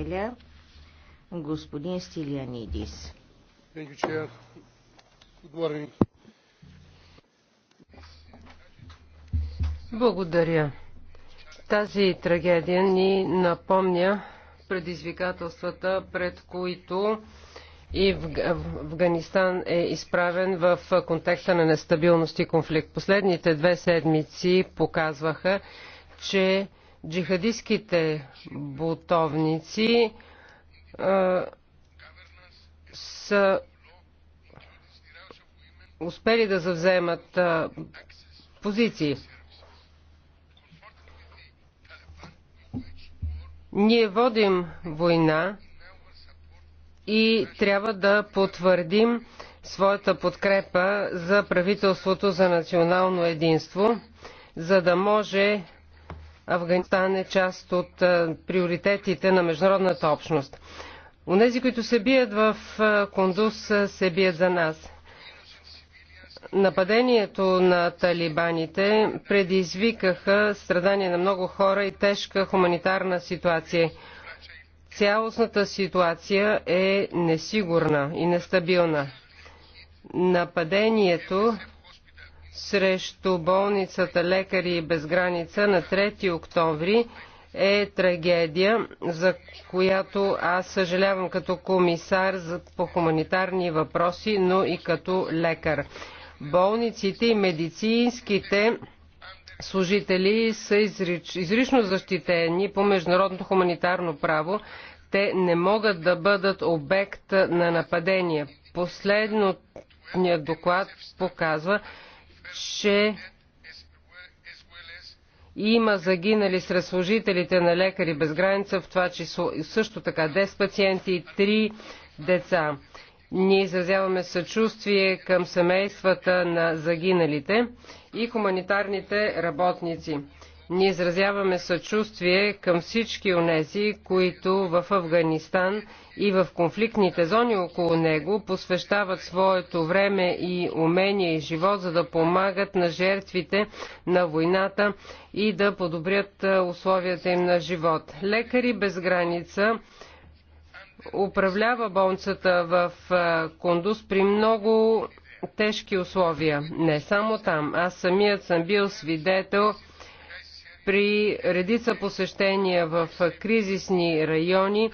Еля, господин Стилианидис. Благодаря. Тази трагедия ни напомня предизвикателствата, пред които и в Афганистан е изправен в контекста на нестабилност и конфликт. Последните две седмици показваха, че джихадистските бутовници а, са успели да завземат а, позиции. Ние водим война и трябва да потвърдим своята подкрепа за правителството за национално единство, за да може Афганистан е част от е, приоритетите на международната общност. Унези, които се бият в е, Кундус, е, се бият за нас. Нападението на талибаните предизвикаха страдания на много хора и тежка хуманитарна ситуация. Цялостната ситуация е несигурна и нестабилна. Нападението срещу болницата Лекари без граница на 3 октомври е трагедия, за която аз съжалявам като комисар по хуманитарни въпроси, но и като лекар. Болниците и медицинските служители са изрич, изрично защитени по международното хуманитарно право. Те не могат да бъдат обект на нападение. Последният доклад показва, че има загинали сред служителите на лекари без граница, в това число също така 10 пациенти и 3 деца. Ние изразяваме съчувствие към семействата на загиналите и хуманитарните работници. Ние изразяваме съчувствие към всички онези, които в Афганистан и в конфликтните зони около него посвещават своето време и умение и живот, за да помагат на жертвите на войната и да подобрят условията им на живот. Лекари без граница управлява болницата в Кундус при много тежки условия. Не само там. Аз самият съм бил свидетел при редица посещения в кризисни райони,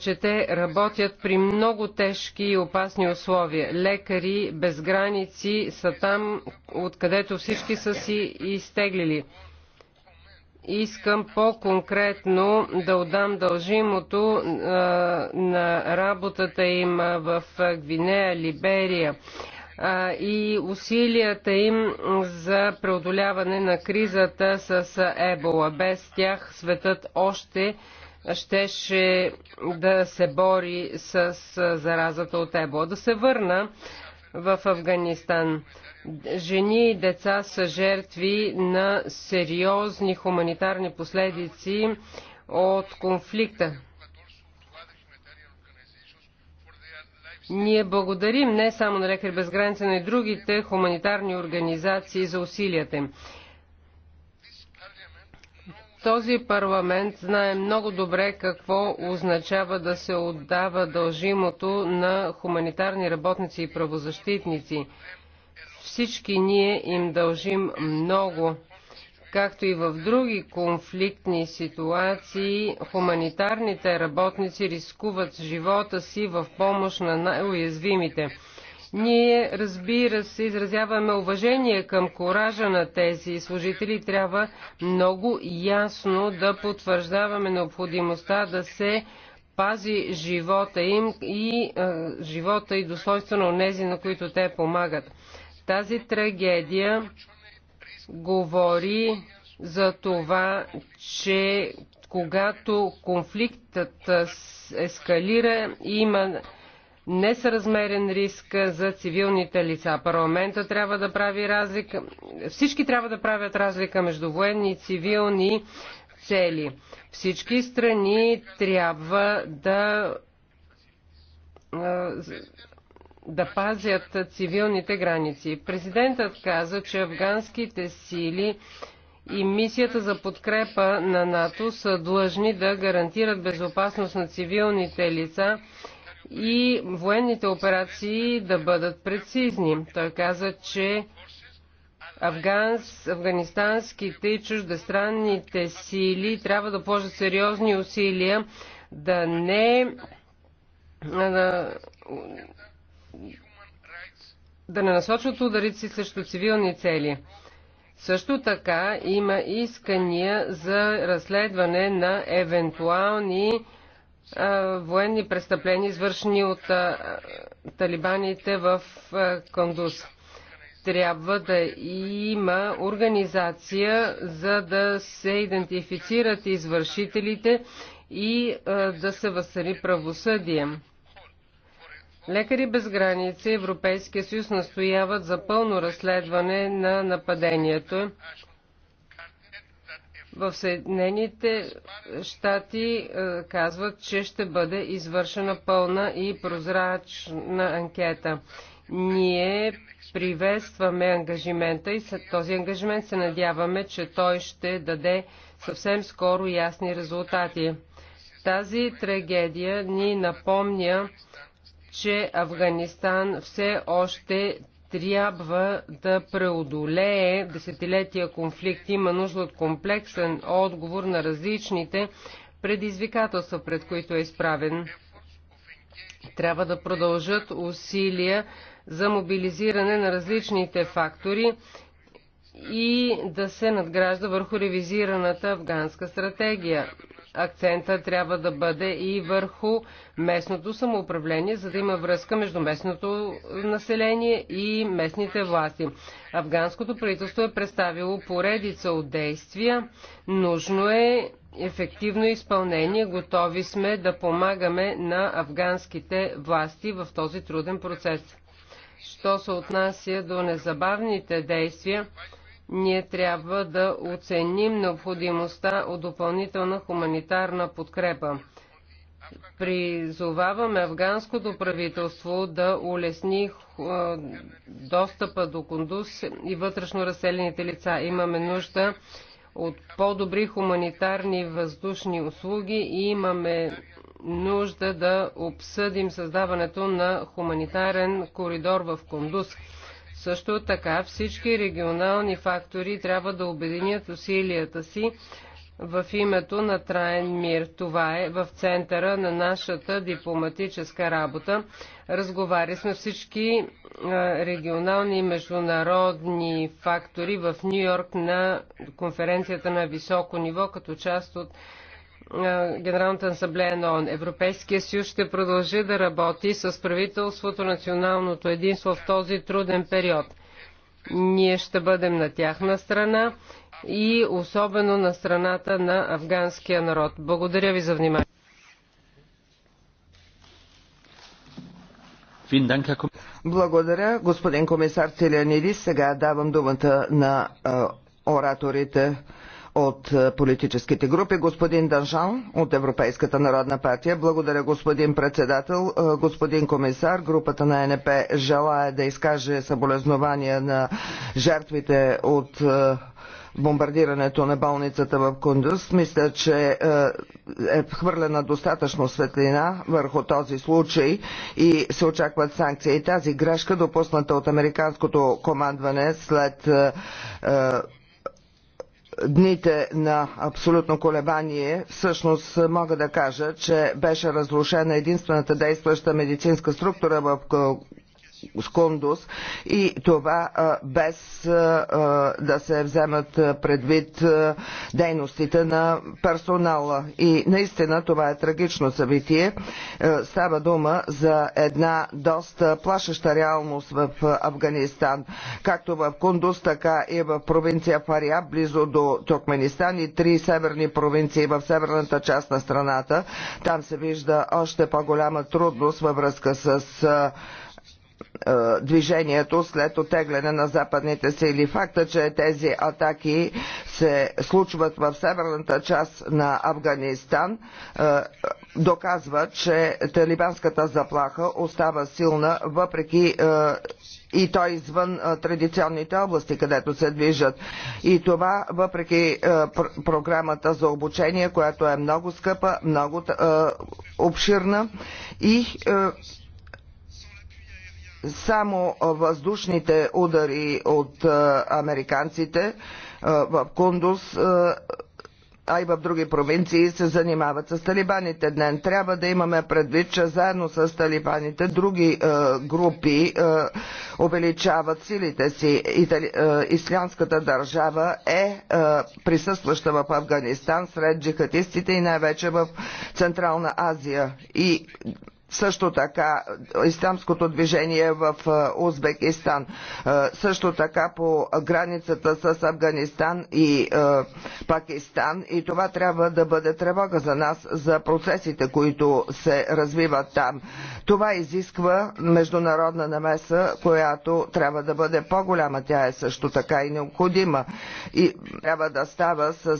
че те работят при много тежки и опасни условия. Лекари без граници са там, откъдето всички са си изтеглили. Искам по-конкретно да отдам дължимото а, на работата им в Гвинея, Либерия, и усилията им за преодоляване на кризата с Ебола. Без тях светът още щеше да се бори с заразата от Ебола. Да се върна в Афганистан. Жени и деца са жертви на сериозни хуманитарни последици от конфликта. Ние благодарим не само на Лекари без граница, но и другите хуманитарни организации за усилията им. Този парламент знае много добре какво означава да се отдава дължимото на хуманитарни работници и правозащитници. Всички ние им дължим много. Както и в други конфликтни ситуации, хуманитарните работници рискуват живота си в помощ на най-уязвимите. Ние, разбира се, изразяваме уважение към коража на тези служители. Трябва много ясно да потвърждаваме необходимостта да се пази живота им и а, е, живота и достоинство на тези, на които те помагат. Тази трагедия говори за това, че когато конфликтът ескалира, има несъразмерен риск за цивилните лица. Парламента трябва да прави разлика. Всички трябва да правят разлика между военни и цивилни цели. Всички страни трябва да да пазят цивилните граници. Президентът каза, че афганските сили и мисията за подкрепа на НАТО са длъжни да гарантират безопасност на цивилните лица и военните операции да бъдат прецизни. Той каза, че афганс, афганистанските и чуждестранните сили трябва да положат сериозни усилия да не да, да не насочват ударите си срещу цивилни цели. Също така има искания за разследване на евентуални а, военни престъпления, извършени от а, талибаните в а, Кандус. Трябва да има организация, за да се идентифицират извършителите и а, да се възцари правосъдие. Лекари без граници Европейския съюз настояват за пълно разследване на нападението. В Съединените щати е, казват, че ще бъде извършена пълна и прозрачна анкета. Ние приветстваме ангажимента и след този ангажимент се надяваме, че той ще даде съвсем скоро ясни резултати. Тази трагедия ни напомня, че Афганистан все още трябва да преодолее десетилетия конфликт. Има нужда от комплексен отговор на различните предизвикателства, пред които е изправен. Трябва да продължат усилия за мобилизиране на различните фактори и да се надгражда върху ревизираната афганска стратегия. Акцента трябва да бъде и върху местното самоуправление, за да има връзка между местното население и местните власти. Афганското правителство е представило поредица от действия. Нужно е ефективно изпълнение. Готови сме да помагаме на афганските власти в този труден процес. Що се отнася до незабавните действия, ние трябва да оценим необходимостта от допълнителна хуманитарна подкрепа. Призоваваме афганското правителство да улесни е, достъпа до кондус и вътрешно разселените лица. Имаме нужда от по-добри хуманитарни въздушни услуги и имаме нужда да обсъдим създаването на хуманитарен коридор в кондус. Също така всички регионални фактори трябва да обединят усилията си в името на траен мир. Това е в центъра на нашата дипломатическа работа. Разговаря сме всички е, регионални и международни фактори в Нью Йорк на конференцията на високо ниво, като част от Генералната асамблея на ООН. Европейския съюз ще продължи да работи с правителството националното единство в този труден период. Ние ще бъдем на тяхна страна и особено на страната на афганския народ. Благодаря ви за внимание. Благодаря, господин комисар Целянидис. Сега давам думата на ораторите от е, политическите групи. Господин Данжан от Европейската народна партия. Благодаря, господин председател. Е, господин комисар, групата на НП желая да изкаже съболезнования на жертвите от е, бомбардирането на болницата в Кундус. Мисля, че е хвърлена достатъчно светлина върху този случай и се очакват санкции. Тази грешка, допусната от американското командване след дните на абсолютно колебание, всъщност мога да кажа, че беше разрушена единствената действаща медицинска структура в Скундус и това без да се вземат предвид дейностите на персонала. И наистина това е трагично събитие. Става дума за една доста плашеща реалност в Афганистан, както в Кундус, така и в провинция Фария, близо до Туркменистан и три северни провинции в северната част на страната. Там се вижда още по-голяма трудност във връзка с е, движението след отегляне на западните сили. Факта, че тези атаки се случват в северната част на Афганистан, е, доказва, че талибанската заплаха остава силна, въпреки е, и той извън традиционните области, където се движат. И това въпреки програмата за обучение, която е много скъпа, много обширна и само въздушните удари от американците в Кундус а и в други провинции се занимават с талибаните днен. Трябва да имаме предвид, че заедно с талибаните други е, групи е, увеличават силите си. Итали... Е, ислямската държава е, е присъстваща в Афганистан сред джихадистите и най-вече в Централна Азия. И също така исламското движение в е, Узбекистан, е, също така по границата с Афганистан и е, Пакистан и това трябва да бъде тревога за нас за процесите, които се развиват там. Това изисква международна намеса, която трябва да бъде по-голяма. Тя е също така и необходима и трябва да става с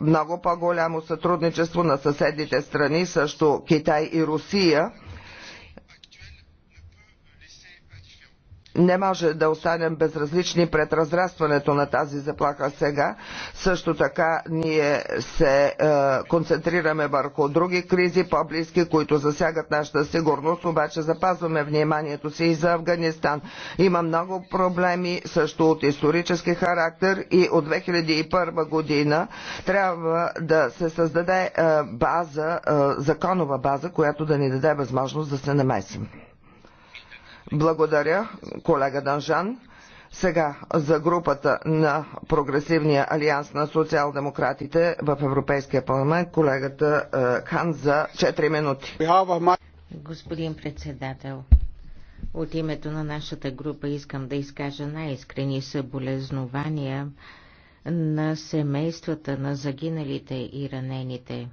много по-голямо сътрудничество на съседните страни, също Китай и Русия Сирия не може да останем безразлични пред разрастването на тази заплаха сега. Също така ние се е, концентрираме върху други кризи, по-близки, които засягат нашата сигурност, обаче запазваме вниманието си и за Афганистан. Има много проблеми, също от исторически характер и от 2001 година трябва да се създаде е, база, е, законова база, която да ни даде възможност да се намесим. Благодаря, колега Данжан. Сега за групата на Прогресивния алианс на социал-демократите в Европейския парламент, колегата е, Хан за 4 минути. Господин председател, от името на нашата група искам да изкажа най-искрени съболезнования на семействата на загиналите и ранените.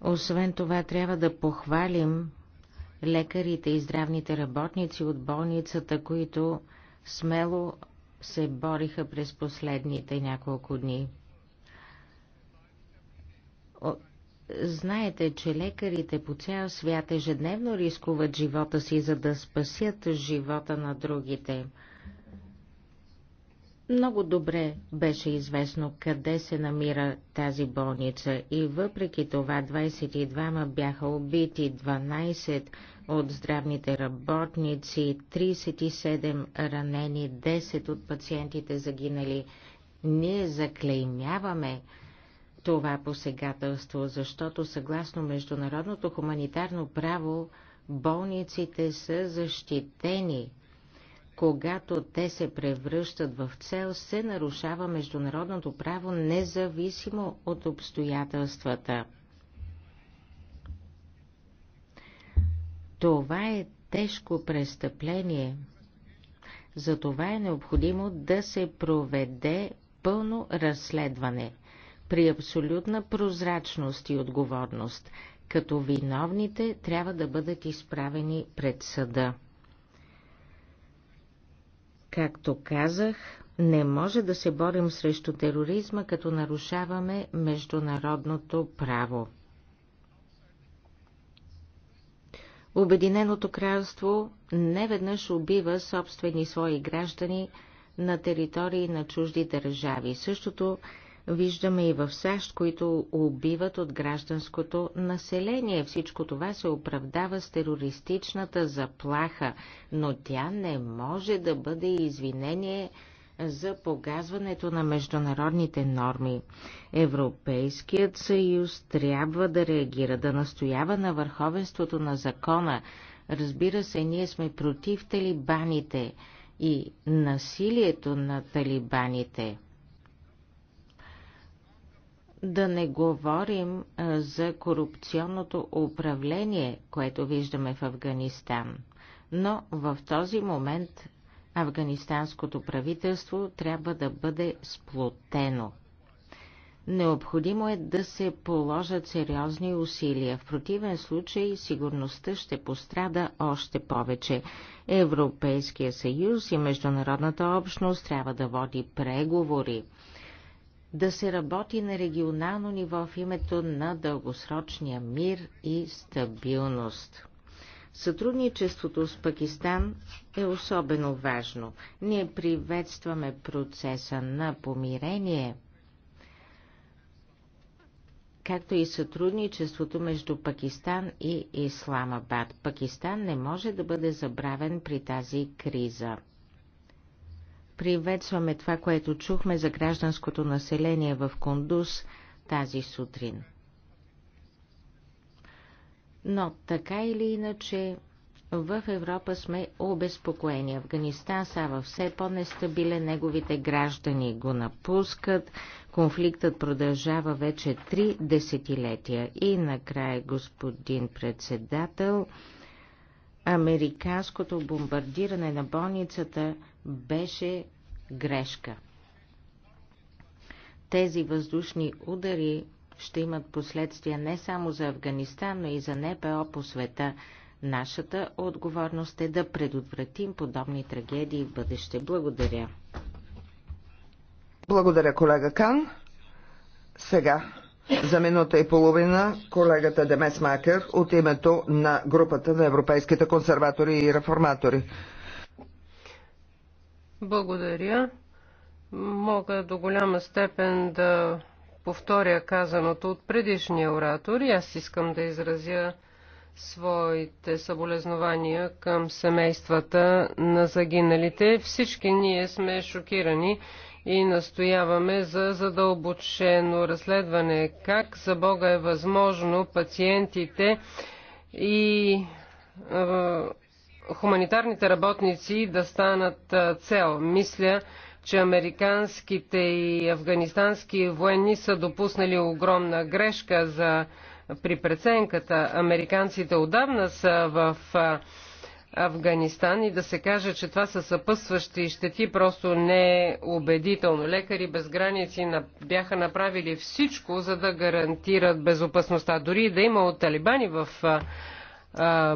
Освен това, трябва да похвалим лекарите и здравните работници от болницата, които смело се бориха през последните няколко дни. Знаете, че лекарите по цял свят ежедневно рискуват живота си, за да спасят живота на другите. Много добре беше известно къде се намира тази болница и въпреки това 22-ма бяха убити, 12 от здравните работници, 37 ранени, 10 от пациентите загинали. Ние заклеймяваме това посегателство, защото съгласно международното хуманитарно право болниците са защитени – когато те се превръщат в цел, се нарушава международното право независимо от обстоятелствата. Това е тежко престъпление. Затова е необходимо да се проведе пълно разследване при абсолютна прозрачност и отговорност, като виновните трябва да бъдат изправени пред съда. Както казах, не може да се борим срещу тероризма, като нарушаваме международното право. Обединеното кралство неведнъж убива собствени свои граждани на територии на чужди държави. Същото Виждаме и в САЩ, които убиват от гражданското население. Всичко това се оправдава с терористичната заплаха, но тя не може да бъде извинение за погазването на международните норми. Европейският съюз трябва да реагира, да настоява на върховенството на закона. Разбира се, ние сме против талибаните и насилието на талибаните. Да не говорим за корупционното управление, което виждаме в Афганистан. Но в този момент афганистанското правителство трябва да бъде сплотено. Необходимо е да се положат сериозни усилия. В противен случай сигурността ще пострада още повече. Европейския съюз и международната общност трябва да води преговори да се работи на регионално ниво в името на дългосрочния мир и стабилност. Сътрудничеството с Пакистан е особено важно. Ние приветстваме процеса на помирение, както и сътрудничеството между Пакистан и Исламабад. Пакистан не може да бъде забравен при тази криза. Приветстваме това, което чухме за гражданското население в Кондус тази сутрин. Но така или иначе, в Европа сме обезпокоени. Афганистан става все по-нестабилен, неговите граждани го напускат, конфликтът продължава вече три десетилетия. И накрая, господин председател, американското бомбардиране на болницата беше грешка. Тези въздушни удари ще имат последствия не само за Афганистан, но и за НПО по света. Нашата отговорност е да предотвратим подобни трагедии в бъдеще. Благодаря. Благодаря, колега Кан. Сега за минута и половина колегата Демес Макер от името на групата на европейските консерватори и реформатори. Благодаря. Мога до голяма степен да повторя казаното от предишния оратор и аз искам да изразя своите съболезнования към семействата на загиналите. Всички ние сме шокирани и настояваме за задълбочено разследване. Как за Бога е възможно пациентите и хуманитарните работници да станат цел. Мисля, че американските и афганистански военни са допуснали огромна грешка за при преценката. Американците отдавна са в Афганистан и да се каже, че това са съпъстващи щети, просто не е убедително. Лекари без граници бяха направили всичко, за да гарантират безопасността. Дори да има от талибани в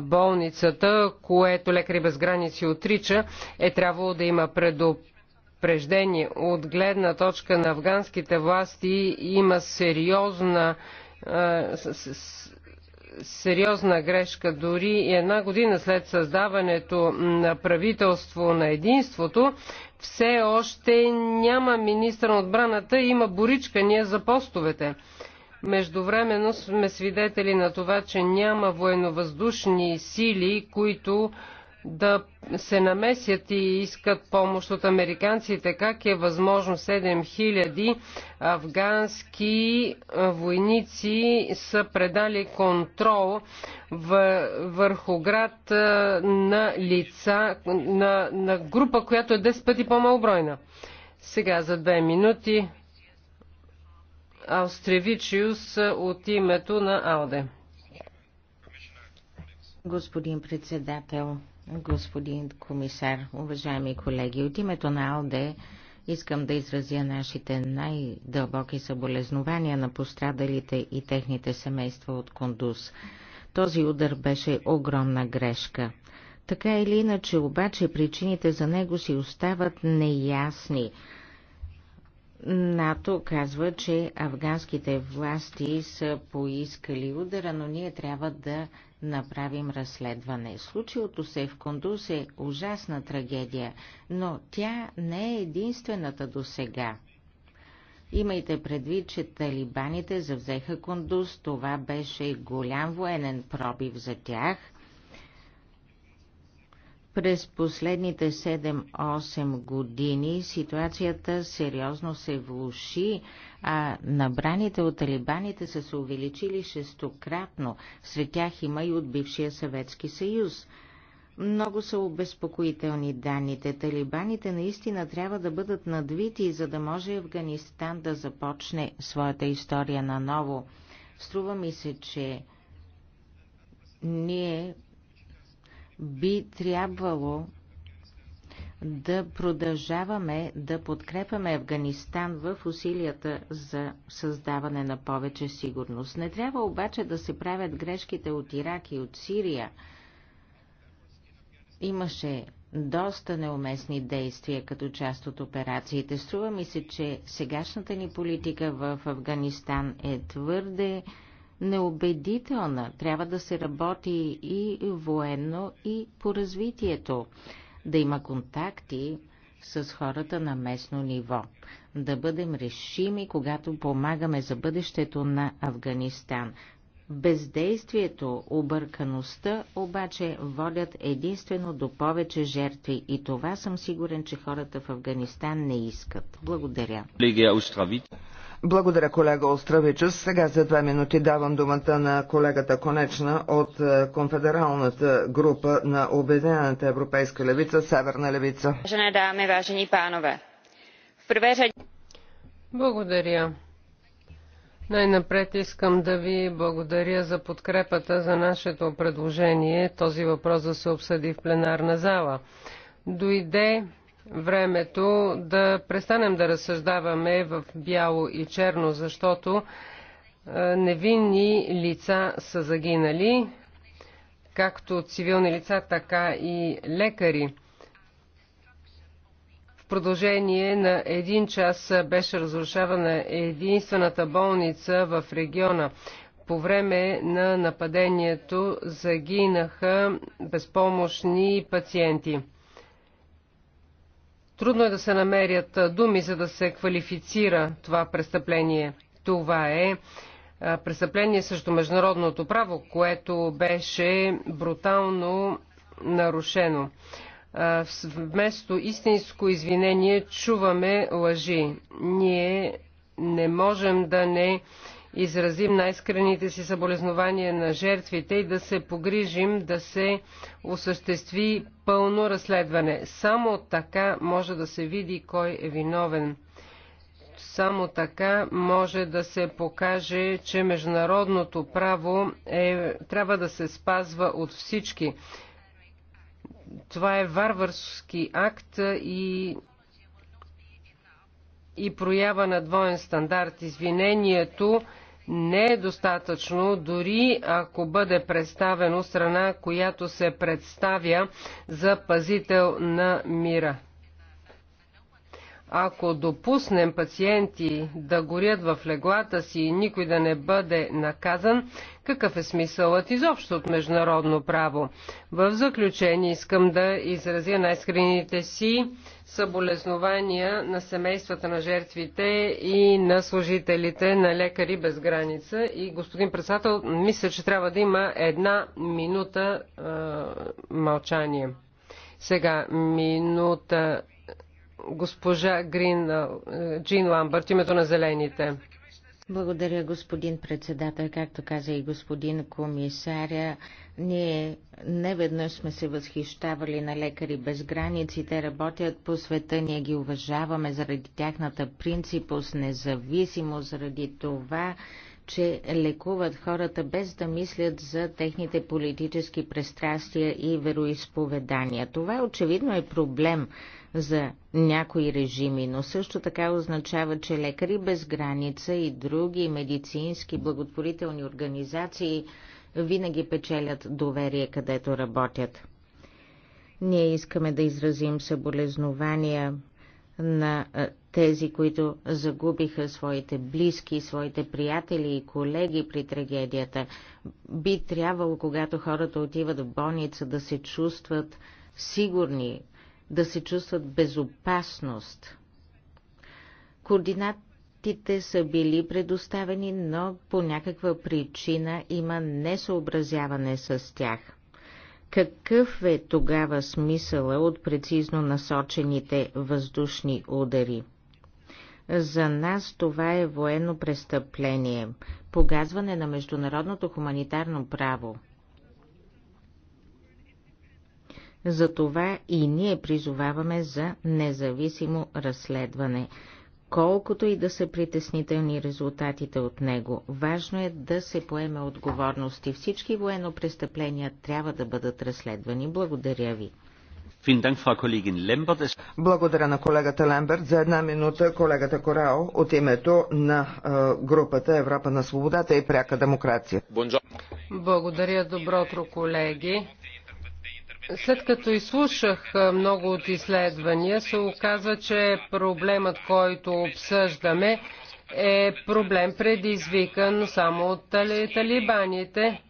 болницата, което Лекари без граници отрича, е трябвало да има предупреждение. От гледна точка на афганските власти има сериозна сериозна грешка. Дори и една година след създаването на правителство на единството, все още няма министър на отбраната и има боричкания за постовете. Междувременно сме свидетели на това, че няма военновъздушни сили, които да се намесят и искат помощ от американците. Как е възможно 7000 афгански войници са предали контрол върху град на лица, на, на група, която е 10 пъти по-малбройна? Сега за две минути Австревичиус от името на Алде. Господин председател, господин комисар, уважаеми колеги. От името на АЛДЕ искам да изразя нашите най-дълбоки съболезнования на пострадалите и техните семейства от Кондус. Този удар беше огромна грешка. Така или иначе, обаче, причините за него си остават неясни. НАТО казва, че афганските власти са поискали удара, но ние трябва да направим разследване. Случилото се в Кондус е ужасна трагедия, но тя не е единствената до сега. Имайте предвид, че талибаните завзеха Кондус, това беше голям военен пробив за тях – през последните 7-8 години ситуацията сериозно се влуши, а набраните от талибаните са се увеличили шестократно. Сред тях има и от бившия Съветски съюз. Много са обезпокоителни данните. Талибаните наистина трябва да бъдат надвити, за да може Афганистан да започне своята история наново. Струва ми се, че ние би трябвало да продължаваме да подкрепяме Афганистан в усилията за създаване на повече сигурност. Не трябва обаче да се правят грешките от Ирак и от Сирия. Имаше доста неуместни действия като част от операциите. Струва ми се, че сегашната ни политика в Афганистан е твърде неубедителна. Трябва да се работи и военно, и по развитието. Да има контакти с хората на местно ниво. Да бъдем решими, когато помагаме за бъдещето на Афганистан. Бездействието, объркаността обаче водят единствено до повече жертви и това съм сигурен, че хората в Афганистан не искат. Благодаря. Благодаря, колега Остравич. Сега за две минути давам думата на колегата Конечна от е, Конфедералната група на Обединената европейска левица, Северна левица. важени панове. В първе Благодаря. Най-напред искам да ви благодаря за подкрепата за нашето предложение този въпрос да се обсъди в пленарна зала. Дойде времето да престанем да разсъждаваме в бяло и черно, защото е, невинни лица са загинали, както цивилни лица, така и лекари. В продължение на един час беше разрушавана единствената болница в региона. По време на нападението загинаха безпомощни пациенти. Трудно е да се намерят думи, за да се квалифицира това престъпление. Това е престъпление срещу международното право, което беше брутално нарушено. Вместо истинско извинение чуваме лъжи. Ние не можем да не изразим най-скрените си съболезнования на жертвите и да се погрижим да се осъществи пълно разследване. Само така може да се види кой е виновен. Само така може да се покаже, че международното право е, трябва да се спазва от всички. Това е варварски акт и и проява на двоен стандарт. Извинението не е достатъчно, дори ако бъде представено страна, която се представя за пазител на мира. Ако допуснем пациенти да горят в леглата си и никой да не бъде наказан, какъв е смисълът изобщо от международно право? В заключение искам да изразя най-скрините си съболезнования на семействата на жертвите и на служителите на Лекари без граница. И господин председател, мисля, че трябва да има една минута е, мълчание. Сега минута госпожа Грин, Джин Ламбърт, името на Зелените. Благодаря, господин председател. Както каза и господин комисаря, ние неведнъж сме се възхищавали на лекари без граници. Те работят по света, ние ги уважаваме заради тяхната принципност, независимост, заради това, че лекуват хората без да мислят за техните политически престрастия и вероисповедания. Това очевидно е проблем за някои режими, но също така означава, че лекари без граница и други медицински благотворителни организации винаги печелят доверие, където работят. Ние искаме да изразим съболезнования на тези, които загубиха своите близки, своите приятели и колеги при трагедията. Би трябвало, когато хората отиват в болница, да се чувстват сигурни, да се чувстват безопасност. Координатите са били предоставени, но по някаква причина има несъобразяване с тях – какъв е тогава смисъла от прецизно насочените въздушни удари? За нас това е военно престъпление, погазване на международното хуманитарно право. Затова и ние призоваваме за независимо разследване колкото и да са притеснителни резултатите от него. Важно е да се поеме отговорност и всички военно престъпления трябва да бъдат разследвани. Благодаря ви. Благодаря на колегата Лемберт. За една минута колегата Корао от името на групата Европа на свободата и пряка демокрация. Благодаря. Добро утро, колеги. След като изслушах много от изследвания, се оказва, че проблемът, който обсъждаме, е проблем предизвикан само от талибаните.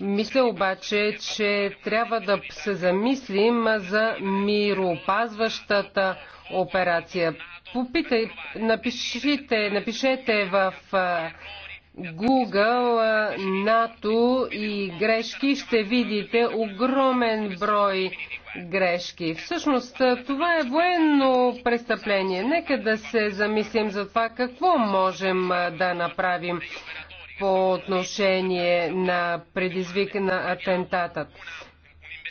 Мисля обаче, че трябва да се замислим за мироопазващата операция. Попитай, напишите, напишете в Google, НАТО и грешки, ще видите огромен брой грешки. Всъщност това е военно престъпление. Нека да се замислим за това какво можем да направим по отношение на предизвик на атентатът.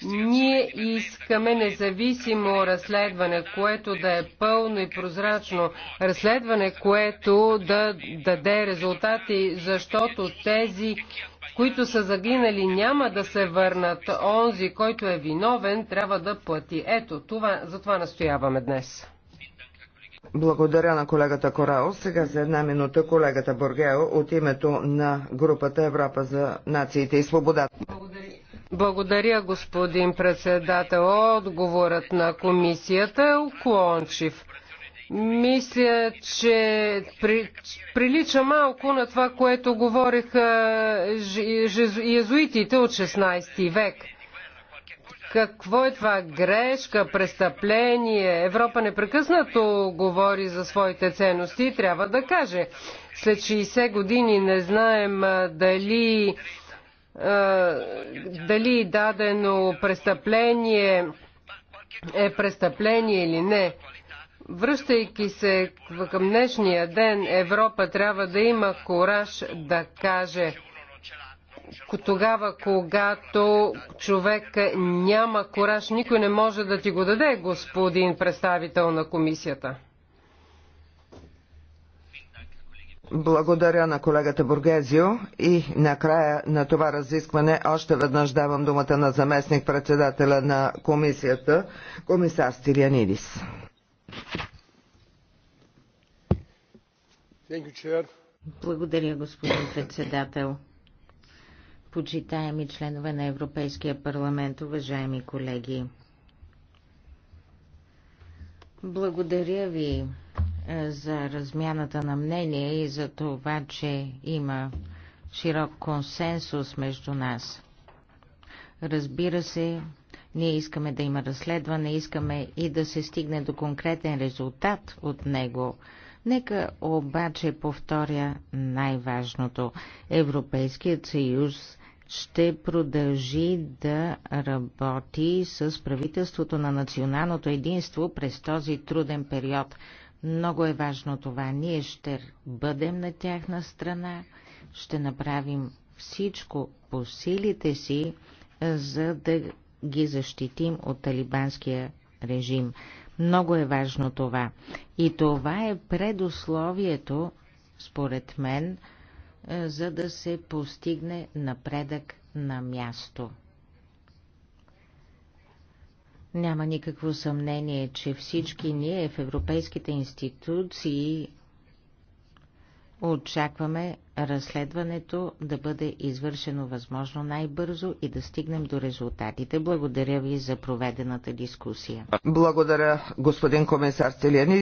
Ние искаме независимо разследване, което да е пълно и прозрачно. Разследване, което да даде резултати, защото тези, които са загинали, няма да се върнат. Онзи, който е виновен, трябва да плати. Ето, това, за това настояваме днес. Благодаря на колегата Корао. Сега за една минута колегата Боргео от името на групата Европа за нациите и свободата. Благодаря. Благодаря, господин председател. Отговорът на комисията е уклончив. Мисля, че при, прилича малко на това, което говориха езуитите от 16 век. Какво е това? Грешка, престъпление. Европа непрекъснато говори за своите ценности и трябва да каже. След 60 години не знаем дали е, дали дадено престъпление е престъпление или не. Връщайки се към днешния ден, Европа трябва да има кораж да каже тогава, когато човек няма кораж, никой не може да ти го даде, господин представител на комисията. Благодаря на колегата Бургезио и накрая на това разискване още веднъж давам думата на заместник председателя на комисията, комисар Стилианидис. Благодаря, господин председател. Почитаеми членове на Европейския парламент, уважаеми колеги. Благодаря ви за размяната на мнение и за това, че има широк консенсус между нас. Разбира се, ние искаме да има разследване, искаме и да се стигне до конкретен резултат от него. Нека обаче повторя най-важното. Европейският съюз ще продължи да работи с правителството на националното единство през този труден период. Много е важно това. Ние ще бъдем на тяхна страна, ще направим всичко по силите си, за да ги защитим от талибанския режим. Много е важно това. И това е предусловието, според мен, за да се постигне напредък на място. Няма никакво съмнение, че всички ние в европейските институции очакваме разследването да бъде извършено възможно най-бързо и да стигнем до резултатите. Благодаря ви за проведената дискусия. Благодаря, господин комисар Телени.